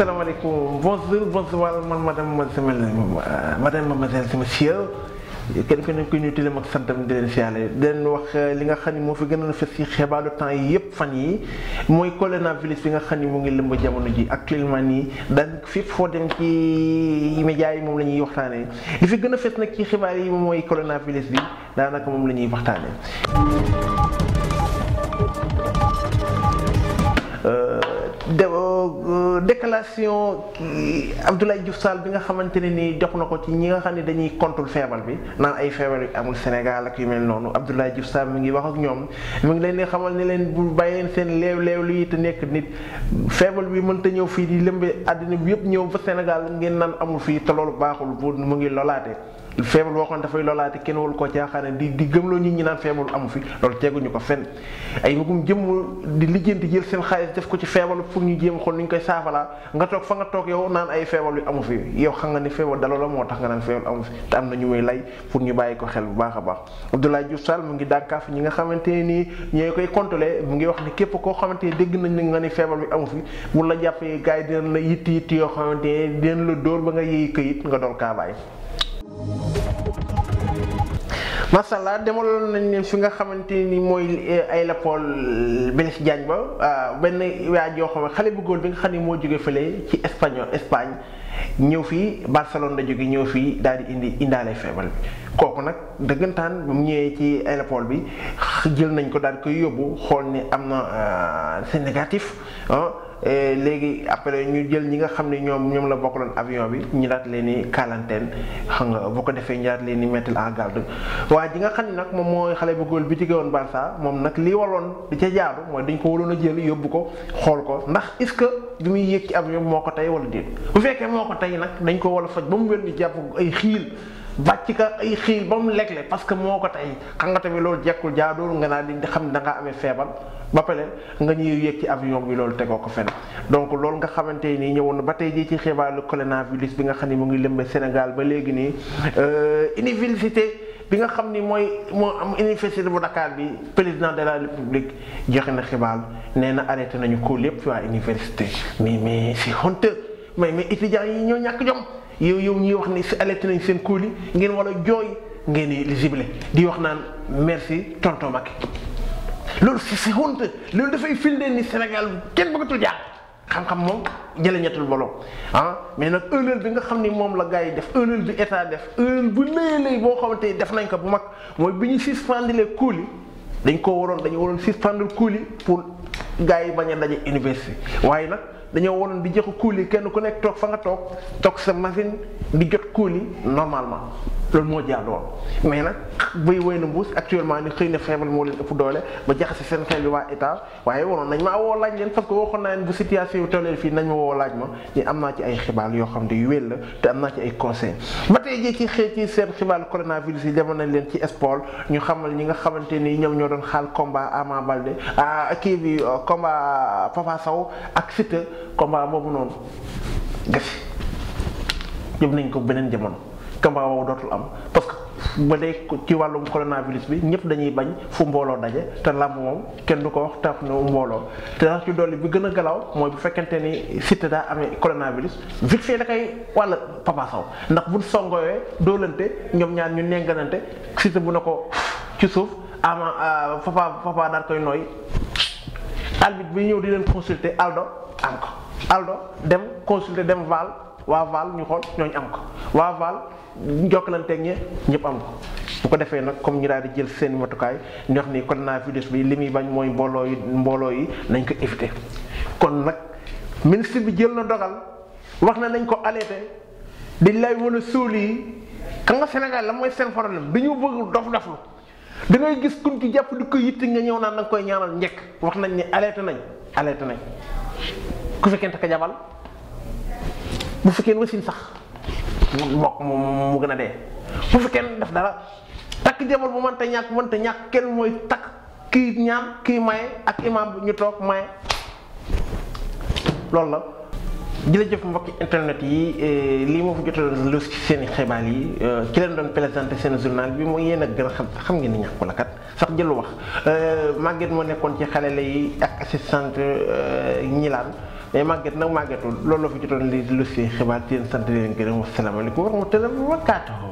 salaamaaleykum bonjour bonsoir man madame mademoiselle madame mademoiselle monsieur kenn ku ne ku ñu tuddee ak santam di leen siyaale di leen wax euh, li nga xam ni moo fi gën a fës ci xibaaru temps yi yëpp fan yi mooy coronavirus bi nga xam ni mu ngi lëmb jamono ji actuellement nii daanaka fépp foo dem ci médias yi moom la ñuy waxtaanee li fi gën a fës nag ci xibaar yi mooy coronavirus bi daanaka moom la ñuy waxtaanee. Euh, de déclaration Abdoulaye Diouf Sall bi nga xamante ne nii jox na ko ci ñi nga xam ne dañuy contre feebal bi naan ay feebar yu amul Sénégal ak yu mel noonu Abdoulaye Diouf Sall mi ngi wax ak ñoom mu ngi leen di xamal ne leen bu bàyyeen seen leew leew lu te nekk nit feebal bi mën mënta ñëw fii di lëmbe àddina bi yëpp ñëw ba Sénégal ngeen naan amul fii te loolu baaxul bu mu ngi lolaate feebul boo xam dafay loolaate kenn waru koo caaxaane di di gëmloo nit ñi naan feebul amu fi loolu teguñu ko fenn ay magum jëmm di lijjanti jël seen xaalis def ko ci feebal pour ñu jéem xool ni ñu koy saafalaa nga toog fa nga toog yow naan ay feebal yu amu fi yow xam nga ne feebal daloo moo tax nga naan feebal amu fi te am na ñu may lay pour ñu bàyyi ko xel bu baax a baax Abdoulaye Diouf Sall mu ngi dànkaaf ñi nga xamante ne nii ñooy koy contrôlé mu ngi wax ni képp koo xamante ne dégg nañ nga ni feebal bi amu fi bu la jàppee gars yi dinañ la yitt yitt yoo xamante ne dinañ la dóor ba nga yëy nga dool kaa bàyyi macha allah demaloon nañu ne fi nga xamante ni mooy eh, aéroport Blaise Diagne ba ah, benn waa joo xam xale bu góor bi nga xam ne moo jóge fële ci espagnol Espagne ñëw fii Barcelone la jóge ñëw fii daal di indi indaale feebal bi kooku nag dëggantaan bu mu ñëwee ci aéroport bi jël nañ ko daal di koy yóbbu xool ni am na ah, c'est négatif ah. léegi après ñu jël ñi nga xam ne ñoom ñoom la bokkaloon avion bi ñu daat leen ni quarantaine xam nga boo ko defee ñu daat leen ni mettre en garde waaye ji nga xam ne nag moom mooy xale bu góor bi jóge woon Barça moom nag li waloon di ca jaaru mooy dañ ko waloon a jël yóbbu ko xool ko ndax est-ce que bi muy yéeg ci avion moo ko tey wala déet bu fekkee moo ko tey nag dañ ko war a faj ba mu wér ñu jàpp ay xiil bàcc ka ay ba mu lekk parce que moo ko tey xam nga tamit loolu jekkul jaadoor nga naa di xam ne da ngaa amee feebar ba pare nga ñuy yéeg ci avion bi loolu tegoo ko fenn donc loolu nga xamante nii ñëwoon na ba tey jii ci xibaaru coronavirus bi nga xam ne mu ngi lëmbe Sénégal ba léegi nii euh, université bi nga xam ni mooy moo am université bu Dakar bi président de la république joxe na xibaar nee na arrêté nañu ko lépp waa université mais mais c'est mais mais étudiants yi ñoo ñàkk jom yow yow ñuy wax ni si alerte nañ seen kóol yi ngeen wala jooy ngeen éligible di wax naan merci tonton Macky loolu si si honte loolu dafay firndeel ni Sénégal kenn bëggatul jaar xam-xam moom jëleñatul boloo ah mais nag erreur bi nga xam ni moom la gars yi def erreur bi état def erreur bu lay lay boo xamante ni def nañ ko bu mag mooy bi ñu suspendre cours yi dañ koo waroon dañu waroon suspendre cours yi pour gars yi bañ a daje université waaye nag. dañoo waroon bi jox kuul yi kenn ku nekk toog fa nga toog toog sa machine di jot kuul yi normalement loolu moo jaar lool mais nag buy woy na mbuus actuellement ni xëy na feebar moo leen ëpp doole ba jaxase seen xel bi waa état waaye waroon nañ maa woo laaj leen parce que waxoon naa leen bu situation tollee fii nañ ma woo laaj ma ni am naa ci ay xibaar yoo xam ne yu wér la te am naa ci ay conseil ba tey jii ci seen xibaaru coronavirus yi demoon nañ leen ci sport ñu xamal ñi nga xamante ni ñoom ñoo doon xaal combat Ama Baldé ah, kii bi euh, combat Papa saw ak sit combat boobu noonu gasi nañ ko beneen jamono. combat boobu dootul am parce que ba léegi ci wàllum coronavirus bi ñëpp dañuy bañ fu mbooloo daje te làmb moom kenn du ko wax taf na mbooloo te sax ci dolli bi gën a galaaw mooy bu fekkente ni Siteu daa amee coronavirus vite fait da koy Papa Sow ndax bu songoowee doolante ñoom ñaar ñu nenganante Siteu bu ne ko ci suuf ama euh, Papa Papa daal koy nooy arbitre bi ñëw di leen consulter Aldo am ko Aldo dem consulter dem Val. waa Vaal ñu xool ñooñu am ko waa Vaal jokkalanteeg ñe ñëpp am ko. bu ko defee nag comme ñu daal di jël seen matukaay ñu wax ni coronavirus bi li muy bañ mooy mbooloo mbooloo yi nañ ko éviter kon nag ministre bi jël na dogal wax na nañ ko alerté di lay mën a suul yi ka nga Sénégal la mooy seen problème dañu bëgg dof doflu da ngay gis kuñ ci jàpp di ko yitti nga ñëw naan da koy ñaanal njëkk wax nañ ni alerté nañ alerté nañ ku fekkente ka jabal bu fi kenn wasin sax mu bokk mu gën a dee bu fi kenn def dara takk jabar bu mënta ñàkk mënta ñàkk kenn mooy takk kii ñaan kii maye ak imaam bu ñu toog maye loolu la jërëjëf mbokki internet yi eh, lii moo fi jotaloon lu ci seen i xibaar yi ci eh, leen doon présenté seen journal bi mooy yéen gën a xam xam ngeen ni ñàkku la kat sax jëlu wax eh, Maguette moo nekkoon ci xale yi ak assistante ñilaan Eh, mais màgget nag màggetul loolu la fi jotoon lii di lu si xibaar di leen sant di leen gërëm wasalaamaaleykum wa rahmatulah wa barakaatuhu